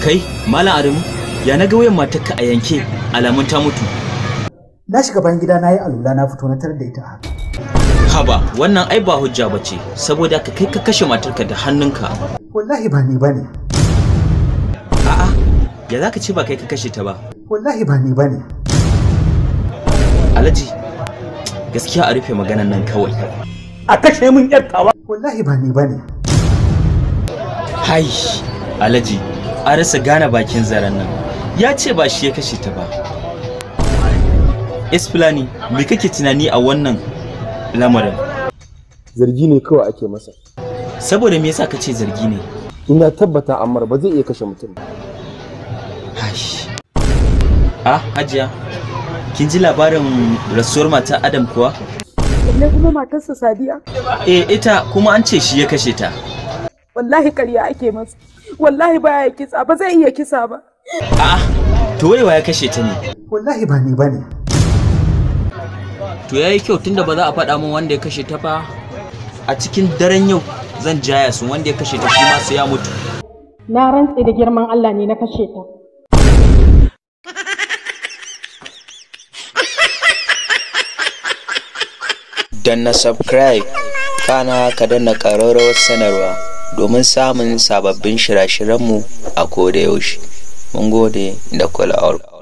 Kai, Malam Adamu, ya na ga wayan matarka a yanke alamun ta mutu. Na shiga bayan gida na yi alula na fito na tarar da ita haka. Haba, wannan ai ba hujja ba ce, saboda ka kai ka kashe matarka da hannunka. Wallahi ba ni ba ne. A'a, ya zaka ce ba kai ka kashe ta ba? Wallahi ba ni ba ne. Alhaji, gaskiya a rufe maganan nan kawai. A kashe min yar tawa. Wallahi ba ni ba ne. Hai, Alhaji, a rasa gane bakin zaren nan ya ce ba shi ya kashe ta ba esplani me kake tunani a wannan lamarin zargi ne kawai ake masa saboda me yasa ka ce zargi ne ina tabbata amma ba zai iya kashe mutum ha ah, hajiya kin ji labarin rasuwar mata adam kuwa ne kuma matarsa sadiya eh ita kuma an ce shi ya kashe ta wallahi ƙarya ake masa wallahi ba ya kisa, ba zai iya kisa ba a'a to wai ya kashe ta ne wallahi ba ni bane to yayi kyau tunda ba za a faɗa min wanda ya kashe ta ba a cikin daren yau zan jaya su wanda ya kashe ta shi ma su ya mutu na rantse da girman Allah ne na kashe ta danna subscribe kana ka danna ƙararrawar sanarwa domin samun sababbin shirashiranmu shiryenmu a koda yaushe. Mun gode da kulawar.